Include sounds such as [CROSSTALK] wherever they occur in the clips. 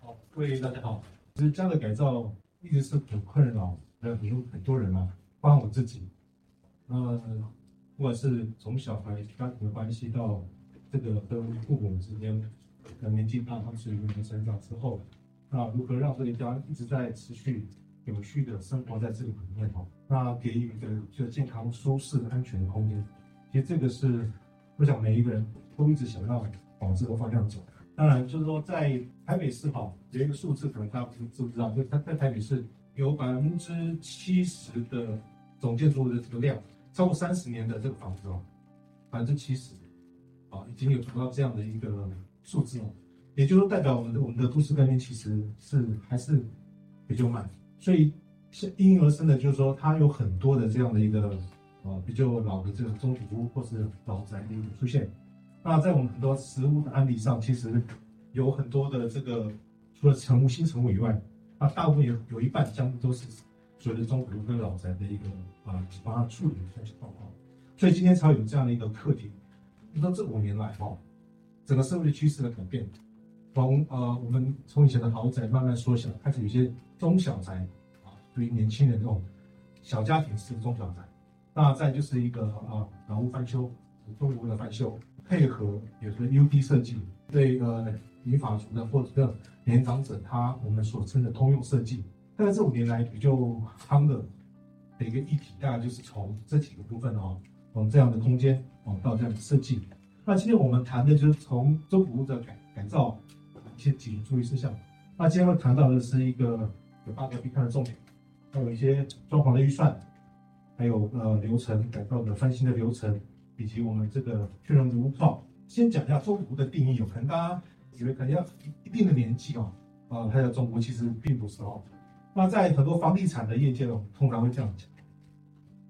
好，各位大家好。其實家的改造一直是很困擾的很，很多很多人嘛、啊，包括我自己。呃，不管是從小孩跟的關係到這個跟父母之間，的年紀大，他們屬於年長之後。那、啊、如何讓這一家一直在持續有序的生活在這個裡面哦、啊？那給予的就健康、舒適、安全的空間，其實這個是我想每一個人都一直想要往這個方向走。當然，就是說在台北市哦、啊，有一個數字，可能大家不不知道，就它在，在台北市有百分之七十的總建築物的這個量超過三十年的這個房子哦，百分之七十啊，已經有達到這樣的一個數字哦。也就是代表我們的我們的都市概念其實是還是比較慢，所以是應運而生的。就是說，它有很多的這樣的一個呃比較老的這個中古屋或是老宅的一個出現。那在我們很多實務的案例上，其實有很多的這個，除了成屋、新成屋以外，那、啊、大部分有有一半將都是所謂的中古屋跟老宅的一個啊、呃、幫它處理一下情況。所以今天才有這樣的一個課題。你到這五年來哈、哦，整個社會的趨勢的改變。從呃，我們從以前的豪宅慢慢縮小，開始有些中小宅啊，對於年輕人這種小家庭式的中小宅，那再就是一個啊，房屋翻修，中古屋的翻修，配合也是 UD 設計，這個銀髮族的或者個年長者他我們所稱的通用設計。大概這五年來比較夯的，的一個議題，大概就是從這幾個部分哦，從這樣的空間哦到這樣的設計。那今天我們談的就是從中古屋的改改造，一些提醒注意事項。那今天會談到的是一個有八個必看的重點，還有一些裝潢的預算，還有呃流程改造的翻新的流程，以及我們這個確認的屋況。先講一下中古的定義，有、哦、可能大家以為肯定要一定的年紀啊，啊、哦，才、呃、叫中古其實並不是哦。那在很多房地產的業界呢、哦，通常會這樣講，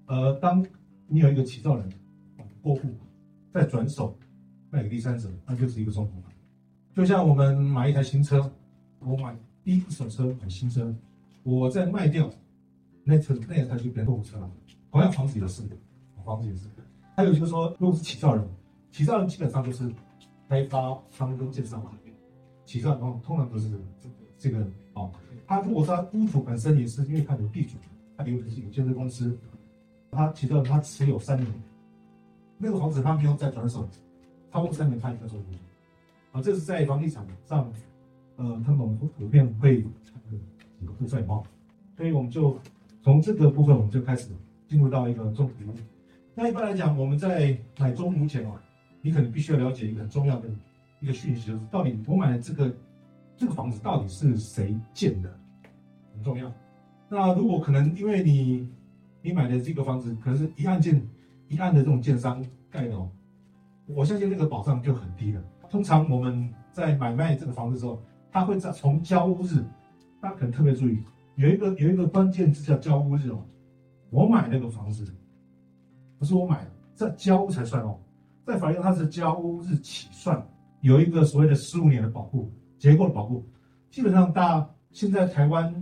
呃，當你有一個起造人、嗯、過戶，再轉手賣給第三者，那、啊、就是一個中古。就像我們買一台新車，我買第一手車買新車，我再賣掉那個、車，那台、個、就變中古車了。同樣，房子也是，房子也是。還有就是說，如果是起造人，起造人基本上就是開發商跟建設方。起造人通、通常都是這個哦。他如果說他屋主本身也是，因為他有地主，他原本是有建設公司，他起造人他持有三年，那個房子他不用再轉手，他超過三年他也該做。好，這是在房地產上，呃，他們普遍會一個負債貓，所以我們就從這個部分，我們就開始進入到一個中古屋。那一般來講，我們在買中古屋前哦，你可能必須要了解一個很重要的一個訊息，就是到底我買的這個這個房子到底是誰建的，很重要。那如果可能因為你你買的這個房子可能是一案建一案的這種建商蓋的，我相信那個保障就很低了。通常我們在買賣這個房子的時候，它會在從交屋日，大家可能特別注意，有一個有一個關鍵字叫交屋日哦。我買那個房子，不是我買的，在交屋才算哦，在法院它是交屋日起算，有一個所謂的十五年的保固，結構的保固。基本上，大家現在台灣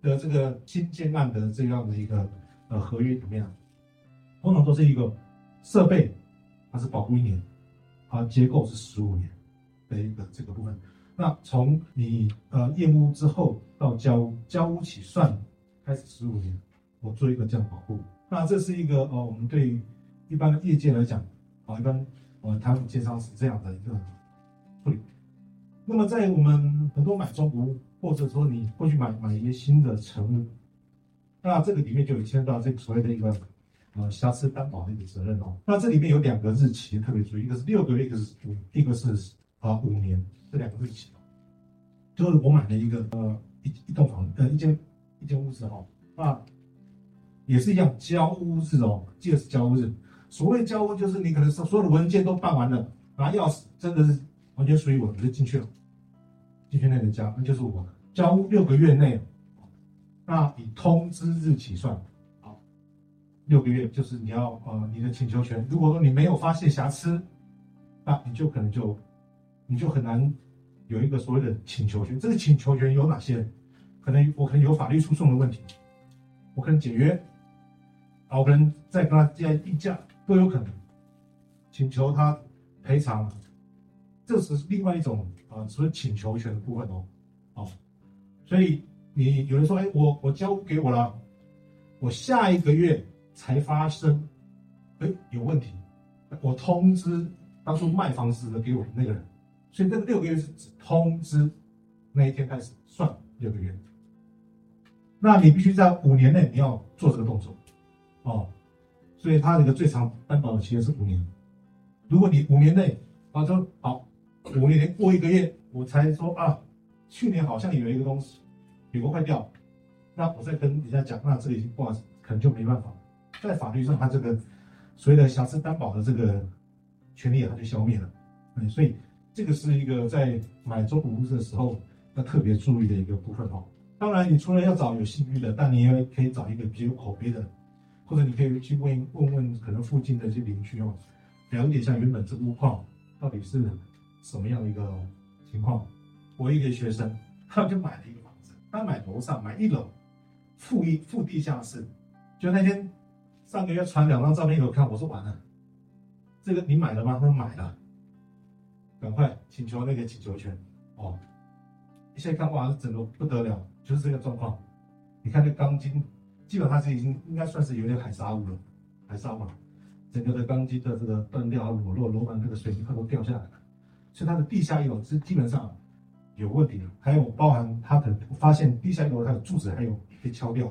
的這個新建案的這樣的一個呃合約裡面，通常都是一個設備它是保護一年。啊，結構是十五年的一個這個部分。那從你呃驗屋之後到交交屋、屋起算開始十五年，我做一個這樣保護。那這是一個呃、哦，我們對於一般的業界來講，啊、哦，一般呃，攤、哦、股介紹是這樣的一個處理。那麼在我們很多買中古屋，或者說你會去買買一些新的成屋，那這個裡面就有牽到這個所謂的一個。呃、嗯，瑕疵擔保的一個責任哦，那這裡面有兩個日期特別注意，一個是六個月，一個是五，一個是啊五年，這兩個日期哦。就是我買了一個呃一一棟房，呃一間一間屋子哦，那、啊、也是一樣交屋日哦，記得是交屋日。所謂交屋就是你可能所有的文件都辦完了，拿鑰匙真的是完全屬於我，我的，的就進去了，進去那個家，那、嗯、就是我的。交屋六個月內，那、啊、以通知日期算。六個月，就是你要呃，你的請求權。如果說你沒有發現瑕疵，那你就可能就，你就很難有一個所謂的請求權。這個請求權有哪些？可能我可能有法律訴訟的問題，我可能解約，啊，我可能再跟他再議價都有可能，請求他賠償。這是另外一種啊、呃，所謂請求權的部分哦，哦，所以你有人說，哎，我我交給我了，我下一個月。才發生，哎、欸，有問題，我通知當初賣房子給我的那個人，所以那個六個月是指通知那一天開始算六個月。那你必須在五年內你要做這個動作，哦，所以他這個最長擔保的期限是五年。如果你五年內、啊，好說好，五年內過一個月，我才說啊，去年好像有一個東西有個壞掉，那我再跟人家講，那這裡已經掛了，可能就沒辦法在法律上，他這個所謂的瑕疵擔保的這個權利，他就消滅了。嗯，所以這個是一個在買中古屋的時候要特別注意的一個部分哦。當然，你除了要找有信譽的，但你也可以找一個比較有口碑的，或者你可以去問問問可能附近的這些鄰居哦，了解一下原本這屋況到底是什麼樣的一個情況。我一個學生，他就買了一個房子，他買樓上買一樓負一負地下室，就那天。上個月傳兩張照片給我看，我說完了，這個你買了嗎？他說買了，趕快請求那個請求權哦。你現在看，過來，整個不得了，就是這個狀況。你看這鋼筋，基本上是已經應該算是有點海砂屋了，海砂嘛，整個的鋼筋的這個斷掉啊、裸露，樓板這個水泥塊都掉下來了，所以它的地下一樓是基本上有問題的。還有包含他的，發現地下一樓它的柱子還有被敲掉，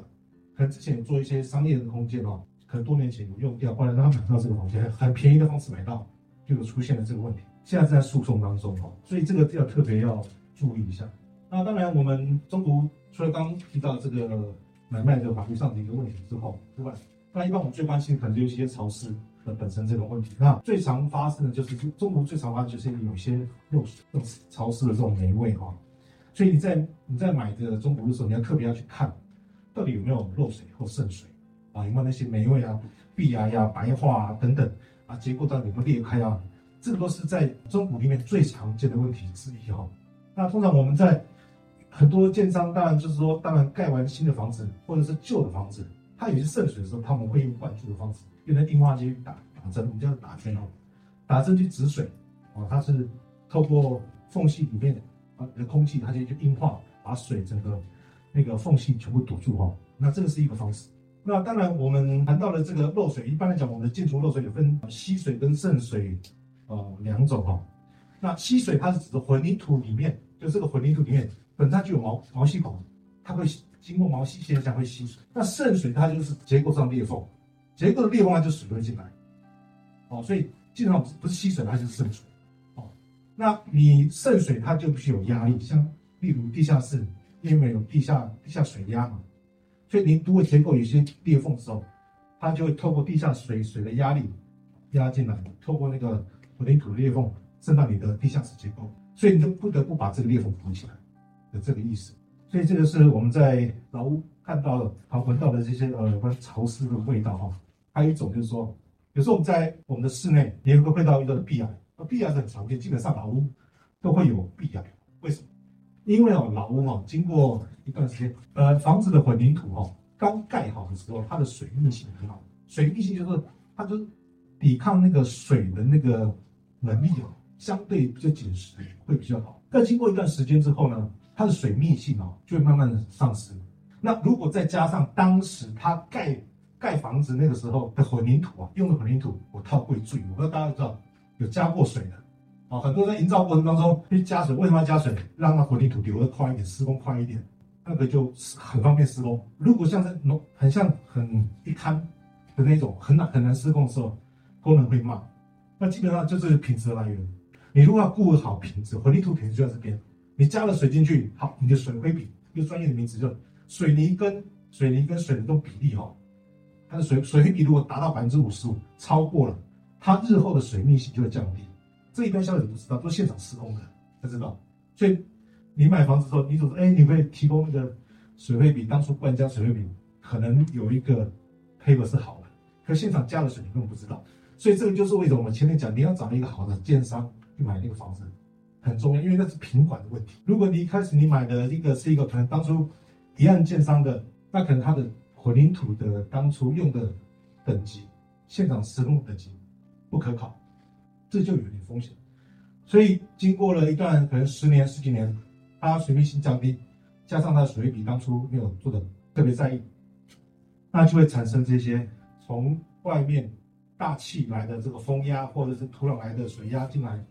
可能之前有做一些商業的空間哦。可能多年前有用掉，後來讓他買到這個房間，很便宜的方式買到，就有出現了這個問題。現在在訴訟當中哦，所以這個要特別要注意一下。那當然，我們中古除了剛提到這個買賣的法律上的一個問題之後之外，那一般我們最關心可能就有一些潮濕的本身這種問題。那最常發生的就是中古最常發生就是有一些漏水、這種潮濕的這種霉味哈。所以你在你在買的中古的時候，你要特別要去看，到底有沒有漏水或滲水。啊，另外那些霉味啊、壁癌呀、白化啊等等啊，結構到底有沒有裂開啊，這個都是在中古裡面最常見的問題之一哈、哦。那通常我們在很多建商，當然就是說，當然蓋完新的房子或者是舊的房子，它有些滲水的時候，他們會用灌注的方式，用那硬化劑打打針，我們叫打針哦，打針去止水啊、哦。它是透過縫隙裡面的、呃、空氣，它進去硬化，把水整個那個縫隙全部堵住哈、哦。那這個是一個方式。那當然，我們談到的這個漏水，一般來講，我們的建築漏水有分吸水跟滲水，呃，兩種哈、哦。那吸水它是指的混凝土裡面，就這個混凝土裡面本身就有毛毛細孔，它會經過毛細現象會吸水。那滲水它就是結構上裂縫，結構的裂縫它就水會進來，哦，所以基本上不是不是吸水它就是滲水，哦。那你滲水它就必須有壓力，像例如地下室，因為有地下地下水壓嘛。所以，您如果結構有些裂縫的時候，它就會透過地下水，水的壓力壓進來，透過那個混凝土的裂縫滲到你的地下室結構，所以你就不得不把這個裂縫補起來，的這個意思。所以，這個是我們在老屋看到了，常聞到的這些呃有關潮濕的味道哈，哦。還有一種就是說，有時候我們在我們的室內也會碰到遇到的壁癌，呃，壁癌是很常見，基本上老屋都會有壁癌，為什麼？因為哦，老屋哦，經過一段時間，呃，房子的混凝土哦，剛蓋好的時候，它的水密性很好。水密性就是它就是抵抗那個水的那個能力哦，相對比較緊實，會比較好。但經過一段時間之後呢，它的水密性哦，就會慢慢的喪失。那如果再加上當時它蓋蓋房子那個時候的混凝土啊，用的混凝土，我套意注，我不知道大家知道有加過水的。啊、哦，很多人在營造過程當中會加水，為什麼要加水？讓它混凝土流得快一點，施工快一點，那個就很方便施工。如果像是農很像很一灘的那種很難很難施工的時候，工人會慢。那基本上就是品質的來源。你如果要顧好品質，混凝土品質就在這邊。你加了水進去，好，你的水灰比就專業的名詞就水泥跟水泥跟水泥跟水泥的這個比例哈、哦，它的水水灰比如果達到百分之五十五，超過了，它日後的水密性就會降低。這一般消費者不知道，都是現場施工的他知道。所以你買房子時候，你總說，哎、欸，你會提供那個水灰比？當初灌漿水灰比可能有一個配合是好的，可現場加的水你根本不知道。所以這個就是為什麼我們前面講，你要找一個好的建商去買那個房子很重要，因為那是品管的問題。如果你一開始你買的一個是一個可能當初一案建商的，那可能它的混凝土的當初用的等級、現場施工等級不可考。這就有點風險，所以經過了一段可能十年十幾年，它水密性降低，加上它水比當初沒有做得特別在意，那就會產生這些從外面大氣來的這個風壓，或者是土壤來的水壓進來，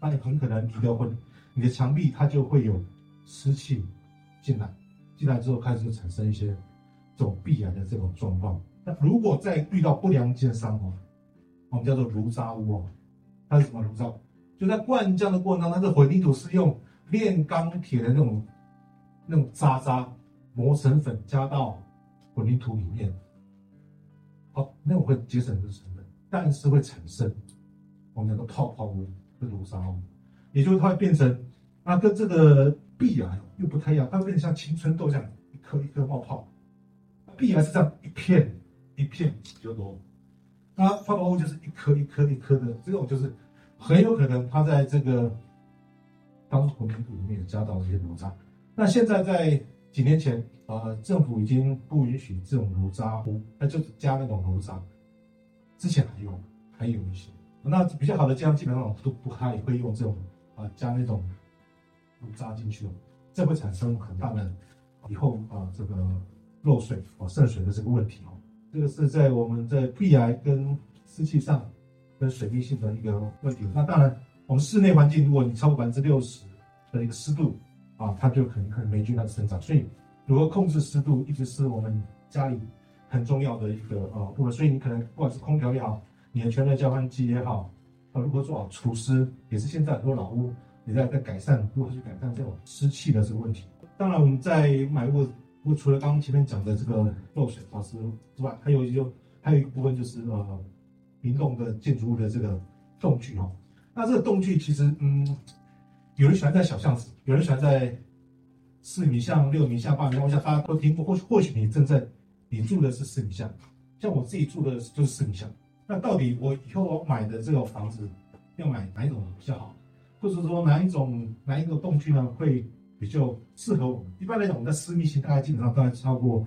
那你很可能你的婚，你的牆壁它就會有濕氣進來，進來之後開始產生一些走壁癌的這種狀況。那如果再遇到不良奸商的話，我們叫做爐渣屋啊、哦。它是什麼爐渣，就在灌漿的過程當中，它的混凝土是用煉鋼鐵的那種那種渣渣磨成粉加到混凝土裡面。好，那我會節省一個成本，但是會產生我們那個泡泡物，這個爐渣也就是它會變成那，啊，跟這個壁啊又不太一樣，它有點像青春痘這樣一顆一顆冒泡。壁還是這樣一片一片比較多。它發的物就是一顆一顆一顆的，這種就是很有可能它在這個當初混凝土裡面有加到一些爐渣。那現在在幾年前，呃，政府已經不允許這種爐渣，那、呃、就加那種爐渣。之前還有，還有一些。那比較好的漿基本上都不太會用這種啊、呃、加那種爐渣進去，這會產生很大的以後啊、呃、這個漏水啊滲、哦、水的這個問題哦。這個是在我們在肺癌跟濕氣上，跟水密性的一個問題。那當然，我們室內環境如果你超過百分之六十的一個濕度啊，它就可能可能霉菌它的生長。所以如何控制濕度，一直是我們家裡很重要的一個呃部分。所以你可能不管是空調也好，你的全熱交換機也好，啊，如何做好除濕，也是現在很多老屋也在在改善如何去改善這種濕氣的這個問題。當然，我們在買物。不過除了剛剛前面講的這個漏水、潮濕之外，還有一就，還有一個部分就是呃，民棟的建築物的這個棟距哦。那這個棟距其實，嗯，有人喜歡在小巷子，有人喜歡在四米巷、六米巷、八米巷，大家都聽過，或許或許你正在，你住的是四米巷，像我自己住的就是四米巷。那到底我以後我買的這個房子要買哪一種比較好，或者說哪一種哪一個棟距呢會？比較適合我們。一般來講，我們的私密性大概基本上大概超過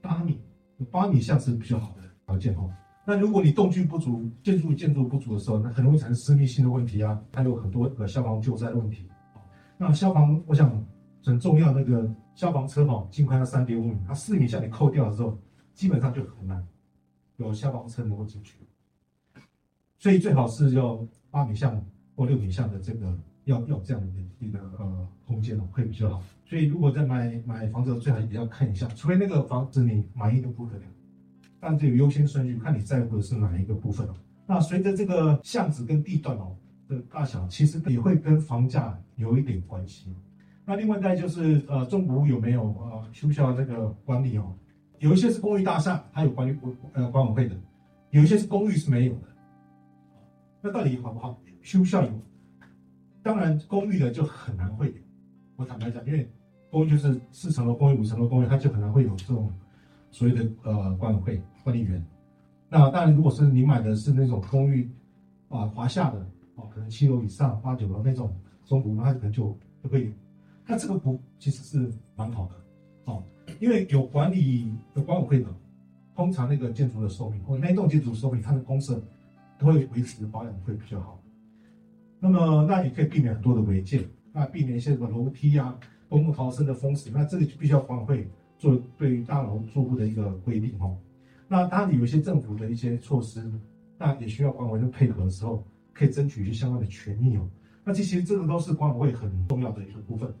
八米，八米巷是比較好的條件哈。那如果你棟距不足，建築建築不足的時候，那很容易產生私密性的問題啊，還有很多呃消防救災問題。那消防，我想很重要那個消防車嘛，盡快要三點五米，它四米巷你扣掉的時候，基本上就很難有消防車能夠進去。所以最好是要八米巷或六米巷的這個。要要這樣的一個，一個呃空間哦，會比較好。所以如果在買買房子，最好也要看一下，除非那個房子你滿意都不得了。但這個優先順序，看你在乎的是哪一個部分哦。那隨着這個巷子跟地段哦的大小，其實也會跟房價有一點關係。那另外再就是呃，中古屋有沒有呃，需要這個管理哦？有一些是公寓大廈，它有管理呃管呃管委會的，有一些是公寓是沒有的。那到底好不好？需不需要有。當然，公寓的就很難會。我坦白講，因為公寓就是四層樓公寓、五層樓公寓，它就可能會有這種所謂的呃管委會管理員。那當然，如果是你買的是那種公寓啊、呃，華廈的哦，可能七樓以上、八九樓那種中古，它就可能就就可以。那這個不其實是蠻好的哦，因為有管理的管委會呢，通常那個建築的壽命，或那棟建築的壽命，它的公設都會維持保養會比較好。那麼，那也可以避免很多的違建，啊，避免一些什麼樓梯呀、啊、公共逃生的風險，那這個就必須要管委會做對於大樓住戶的一個規定哦。那當你有一些政府的一些措施，那也需要管委會配合的時候，可以爭取一些相關的權益哦。那其實這個都是管委會很重要的一個部分。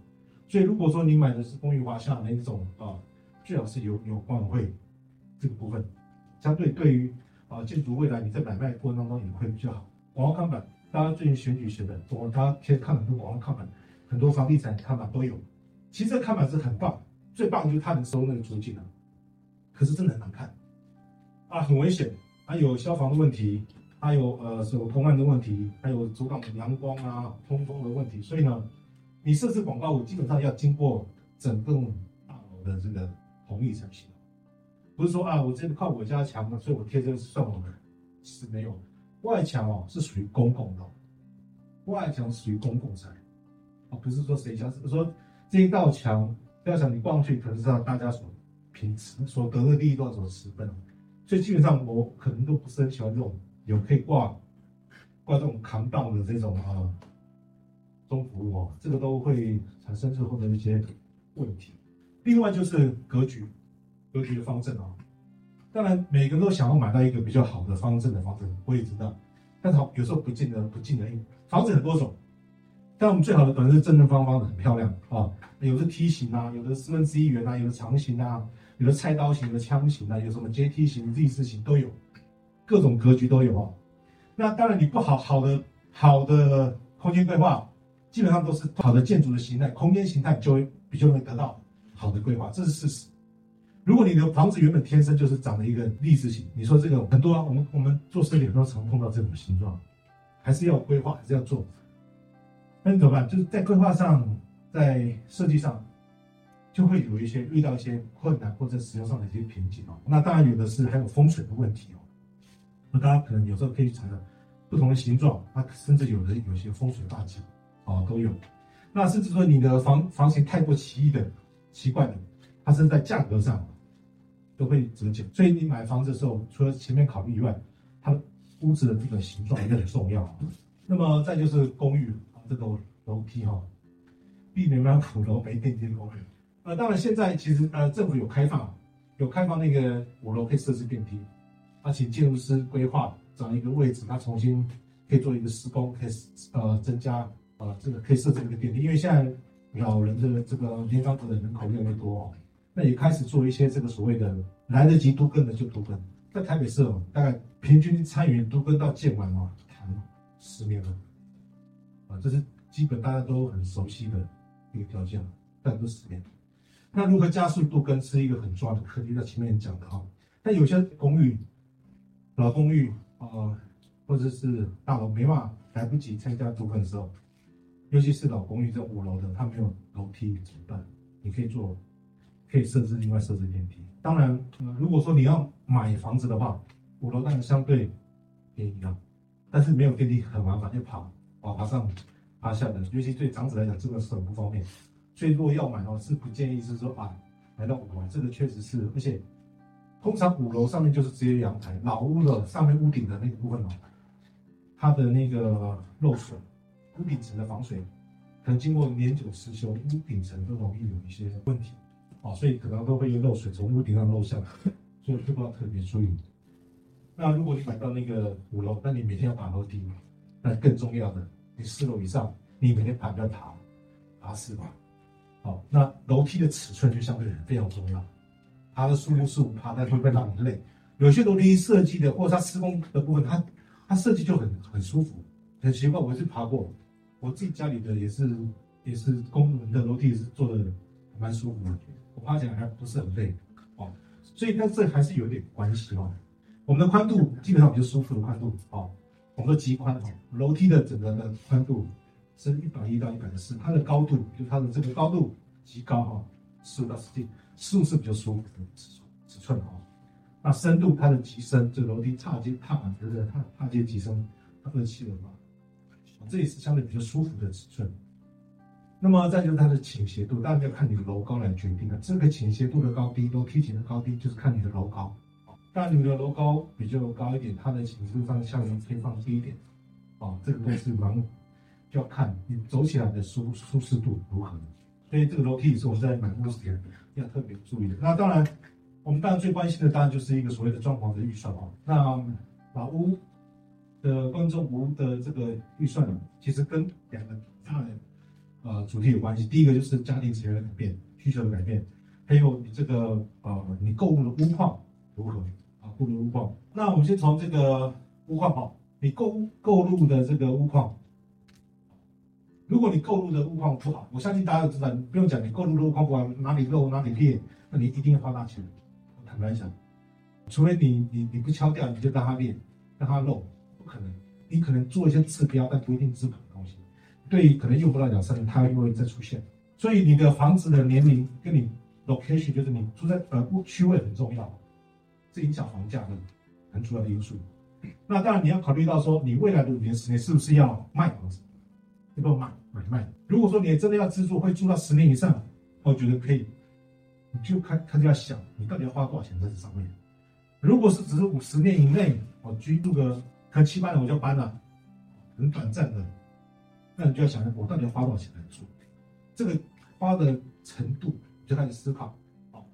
所以，如果說你買的是公寓、華廈那一種啊，最好是有有管委會這個部分，相對對於啊建築未來你在買賣過程當中也會比較好。廣告看板。當然，最近選舉選的，我他貼看很多網安看板，很多房地產看板都有。其實這看板是很棒，最棒就是他能收那個租金的。可是真的很難看啊，很危險，還、啊、有消防的問題，還、啊、有呃什麼公安的問題，還有阻擋陽光啊、通風的問題。所以呢，你設置廣告我基本上要經過整棟大樓的這個同意才行。不是說啊，我這個靠我家牆了，所以我貼這是算我的是沒有。外牆哦，是屬於公共的，哦，外牆屬於公共財，哦，不是說誰家。就是說，這一道牆，要想你掛上去，可能是讓大家所平時所得的利益多少持分，所以基本上我可能都不是很喜歡這種有可以掛掛這種扛棒的這種啊、呃、中服務啊、哦，這個都會產生最後的一些問題。另外就是格局，格局的方正啊、哦。當然，每個人都想要買到一個比較好的方正的房子，我也知道。但是好，有時候不見得，不見得。因為房子很多種，但我們最好的本然是正正方方的，很漂亮、哦、啊。有的梯形啊，有的四分之一圓啊，有的長形啊，有的菜刀形的、槍形啊，有什麼階梯形、z 字形都有，各種格局都有啊、哦。那當然，你不好好的好的空間規劃，基本上都是好的建築的形態、空間形態就，就會比較能得到好的規劃，這是事實。如果你的房子原本天生就是長了一個立字形，你說這個很多、啊、我們我們做生意也都常碰到這種形狀，還是要規劃，還是要做，那你怎麼辦？就是在規劃上，在設計上，就會有一些遇到一些困難或者使用上的一些瓶頸、哦、那當然有的是還有風水的問題哦。那大家可能有時候可以承到不同的形狀它、啊、甚至有的有些風水大忌啊都有。那甚至說你的房房型太過奇異的、奇怪的，它是在價格上。都會折舊，所以你買房子的時候，除了前面考慮以外，它的屋子的這個形狀也很重要。 [LAUGHS] 那麼再就是公寓，啊，這個樓梯哈，避免讓五樓沒電梯的公寓。呃，當然現在其實呃政府有開放，有開放那個五樓可以設置電梯，啊，請建築師規劃找一個位置，他重新可以做一個施工，可以呃增加呃這個可以設置一個電梯，因為現在老人的這個年長者的人口越來越多哦。那也開始做一些這個所謂的來得及都更的就都更，在台北市哦、喔，大概平均參與都更到建完哦，談十年了，啊，這是基本大家都很熟悉的，一個條件，大家都十年。那如何加速都更是一個很重要的課題，在前面講到。但有些公寓、老公寓啊、呃，或者是大樓沒辦法來不及參加都更的時候，尤其是老公寓在五樓的，它沒有樓梯怎麼辦？你可以做。可以設置，另外設置電梯。當然，嗯，如果說你要買房子的話，五樓當然相對便宜啊，但是沒有電梯很麻煩，要爬啊爬，爬上爬下的，尤其對長者來講，這個是很不方便。所以，如果要買哦，是不建議是說啊來到五樓。這個確實是，而且通常五樓上面就是直接陽台，老屋的上面屋頂的那個部分哦，它的那個漏水，屋頂層的防水，可能經過年久失修，屋頂層都容易有一些問題。哦，所以可能都會漏水，從屋頂上漏下來，所以就要特別注意。那如果你買到那個五樓，那你每天要爬樓梯；那更重要的，你四樓以上，你每天爬都要爬，爬四樓。好，那樓梯的尺寸就相對非常重要，爬的舒服是不怕，但會不會讓你累？有些樓梯設計的，或者它施工的部分，它它設計就很很舒服，很奇怪。我是爬過，我自己家裡的也是，也是公寓的樓梯是做的。蠻舒服的，我趴起來還不是很累哦，所以但這還是有點關係哦。我們的寬度基本上比較舒服的寬度哦，我們的極寬哈、哦，樓梯的整個的寬度是一百一到一百四，它的高度就它的這個高度極高哈，十五、哦、到十七，十五是比較舒服的尺寸尺寸哦。那深度它的極深，這個樓梯踏階踏板的、就是、踏踏階極深，它二七零嘛，這也是相對比較舒服的尺寸。那麼再就是它的傾斜度，當然要看你的樓高來決定的。這個傾斜度的高低，樓梯級的高低，就是看你的樓高。當然你們的樓高比較高一點，它的形式上可以放低一點，啊、哦，這個東西然就要看你走起來的舒舒適度如何，嗯。所以這個樓梯也是我們在買屋之前要特別注意的。那當然，我們當然最關心的當然就是一個所謂的裝潢的預算哦。那老屋的觀眾，屋的這個預算其實跟兩個差的。呃，主題有關係。第一個就是家庭成員的改變，需求的改變，還有你這個呃，你購入的屋況如何啊？購入屋況。那我們先從這個屋況好，你購物購入的這個屋況，如果你購入的屋況不好，我相信大家都知道，你不用講，你購入的屋況不好，哪裡漏哪裡裂，那你一定要花大錢。我坦白講，除非你你你不敲掉，你就讓它裂讓它漏，不可能。你可能做一些治標，但不一定治本。對，可能用不到兩三年，它又會再出現。所以你的房子的年齡跟你 location，就是你住在呃區位很重要，是影響房價的很主要的因素。那當然你要考慮到說，你未來的五年十年是不是要賣房子，要不要賣，買賣。如果說你真的要自住，會住到十年以上，我覺得可以，你就看看，就要想，你到底要花多少錢在這上面。如果是只是五十年以內，我居住個可能七八年我就搬了，很短暫的。那你就要想要我到底要花多少錢來做？這個花的程度，就開始思考。好，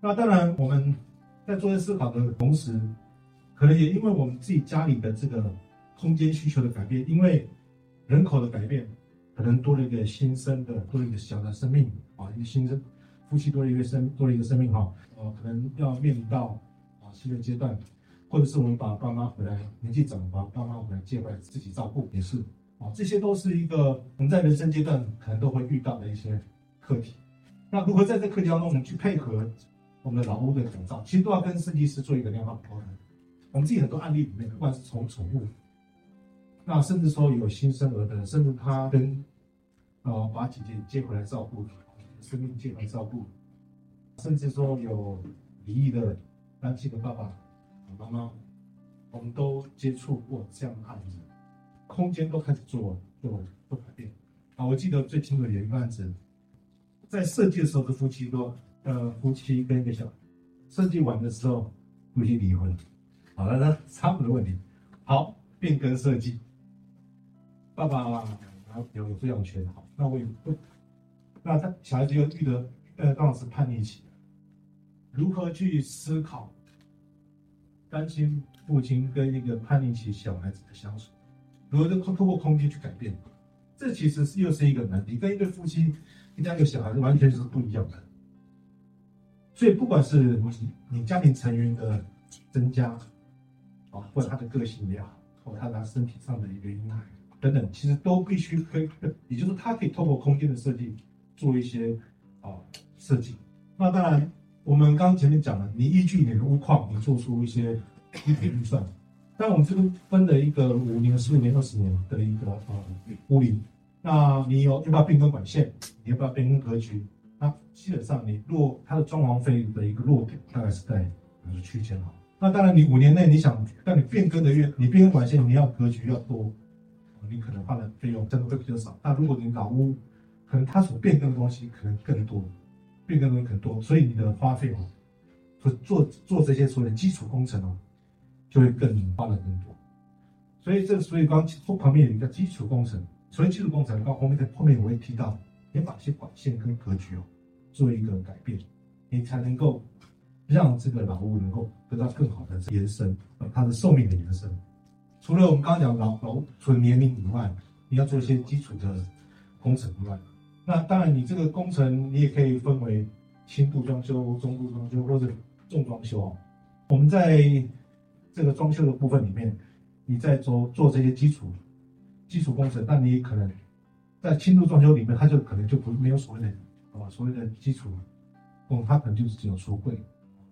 那當然，我們在做這思考的同時，可能也因為我們自己家裡的這個空間需求的改變，因為人口的改變，可能多了一個新生的，多了一個小的生命啊，一個新生夫妻多了一個生，多了一個生命哈。呃，可能要面臨到啊新的階段，或者是我們把爸媽回來，年紀長，把爸媽回來接回來自己照顧也是。啊、哦，這些都是一個我們在人生階段可能都會遇到的一些課題。那如何在這課題當中，我們去配合我們的老屋的改造，其實都要跟設計師做一個良好的溝通。我們自己很多案例裡面，不管是從寵物，那甚至說有新生兒的，甚至他跟呃把姐姐接回來照顧，生病接回來照顧，甚至說有離異的單親的爸爸、媽媽，我們都接觸過這樣的案子。空間都開始做，對吧？都改變。好、啊，我記得最清楚的一個案子，在設計的時候是夫妻多，呃，夫妻跟一個小孩，設計完的時候，夫妻離婚好了，那那他們的問題，好，變更設計，爸爸然後有有撫養權，好，那我也不，那他小孩子又遇到，呃，當然是叛逆期，如何去思考，單親父親跟一個叛逆期小孩子的相處？如果通通過空間去改變，這其實是又是一個難題，跟一對夫妻跟家有小孩子完全就是不一樣的。所以不管是你家庭成員的增加，啊、哦，或者他的個性也好，或者他拿身體上的一個影響等等，其實都必須可以，也就是他可以透過空間的設計做一些啊設計。那當然，我們剛剛前面講了，你依據你的屋況，你做出一些一定預算。 [COUGHS] 但我們這個分的一個五年、十五年、二十年的一個呃屋齡，那你有要不要變更管線？你要不要變更格局？那基本上你落它的裝潢費的一個落點大概是在哪個區間。那當然你五年內你想，但你變更的越你變更管線，你要格局要多，你可能花的費用真的會比較少。那如果你老屋，可能它所變更的東西可能更多，變更的東西更多，所以你的花費哦、喔，做做做這些所謂的基礎工程哦、喔。就會更發展更多，所以這屬於剛，剛旁邊的一個基礎工程。所以基礎工程，剛後面在後面我也提到，你把一些管線跟格局哦，做一個改變，你才能夠讓這個老屋能夠得到更好的延伸，呃、它的壽命的延伸。除了我們剛剛講老老除了年齡以外，你要做一些基礎的工程以外，那當然你這個工程你也可以分為輕度裝修、中度裝修或者重裝修哦。我們在這個裝修的部分裡面，你在做做這些基礎基礎工程，但你可能在輕度裝修裡面，它就可能就不沒有所謂的、哦、所謂的基礎工，哦，它可能就是只有櫥櫃、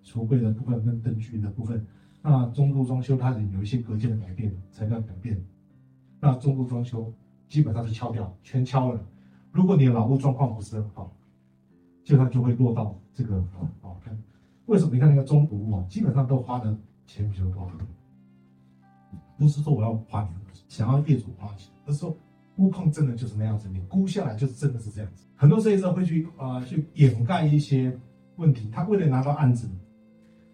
櫥櫃的部分跟燈具的部分。那中度裝修，它是有一些隔間的改變、材料改變。那中度裝修基本上是敲掉全敲了。如果你有老屋狀況不是很好，就它就會落到這個啊、哦哦，看為什麼？你看那個中古屋啊，基本上都花的錢比較多，不是說我要花你的錢，想要業主花錢，而是說，估控真的就是那樣子，你估下來就是真的是這樣子。很多設計師會去啊、呃、去掩蓋一些問題，他為了拿到案子，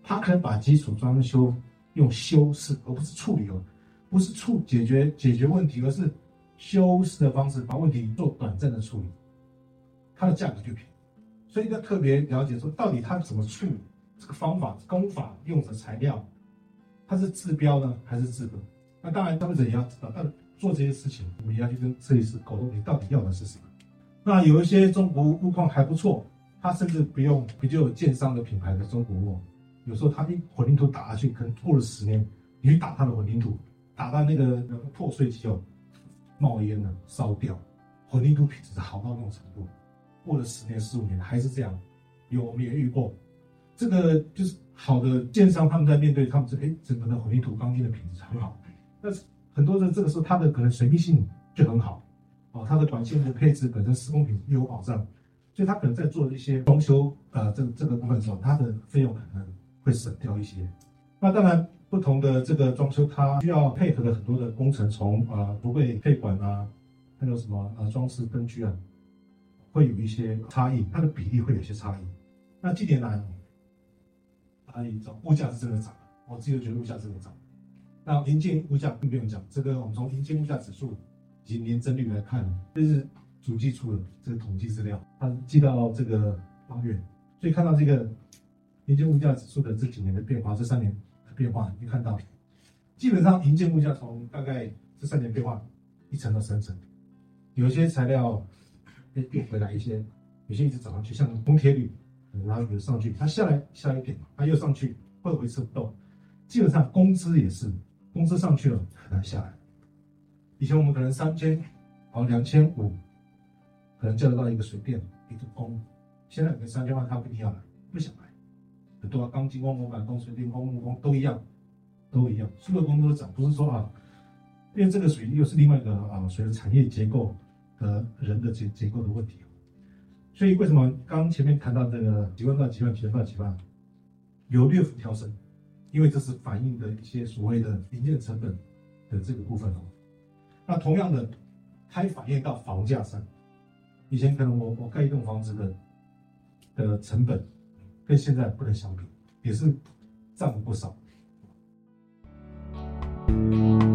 他可能把基礎裝修用修飾，而不是處理哦，不是處解決解決問題，而是修飾的方式把問題做短暫的處理，它的價格就便宜，所以要特別了解說到底他怎麼處理這個方法、工法用的材料。它是治標呢，還是治本？那當然，消費者也要知道，那做這些事情，我們也要去跟設計師溝通，你到底要的是什麼？那有一些中古屋況還不錯，它甚至不用比較有建商的品牌的中古屋。有時候它一混凝土打下去，可能過了十年，你去打它的混凝土，打到那個破碎機就冒煙了，燒掉，混凝土品質好到那種程度，過了十年、十五年還是這樣，有我們也遇過。這個就是好的建商，他們在面對他們這，哎，整個的混凝土鋼筋的品質很好，但是很多的這個時候，它的可能隨秘性就很好，哦，它的管線的配置本身施工品質又有保障，所以他可能在做一些裝修，呃，這個這個部分的時候，它的費用可能會省掉一些。那當然，不同的這個裝修，它需要配合的很多的工程，從啊、呃，廚櫃配管啊，還有什麼啊，裝飾燈具啊，會有一些差異，它的比例會有些差異。那這點呢？另一種物價是真的漲，我自己都覺得物價真的漲，那營建物價更不用講。這個我們從營建物價指數以及年增率來看，就是逐季出的這個統計資料，它記到這個八月，所以看到這個營建物價指數的這幾年的變化，這三年的變化，你看到基本上營建物價從大概這三年變化一層到三層，有些材料變回來一些，有些一直漲上去，像銅鐵鋁。然後比如上去，他下來下一點，他又上去，會不會吃不動？基本上工資也是，工資上去了，來下來。以前我們可能三千，哦兩千五，可能叫得到一個水電，一個工。現在可能三千萬，他不一定要來，不想來。很多、啊、鋼筋工、模板工、水電工、木工都一樣，都一樣，所有工都漲，不是說啊，因為這個屬於又是另外一個啊，屬於產業結構和人的結結構的問題。所以為什麼剛前面談到這個幾萬到幾萬、幾萬幾萬幾萬，有略幅調升？因為這是反映的一些所謂的零件成本的這個部分哦。那同樣的，它反映到房價上，以前可能我我蓋一棟房子的的成本，跟現在不能相比，也是漲了不少。嗯。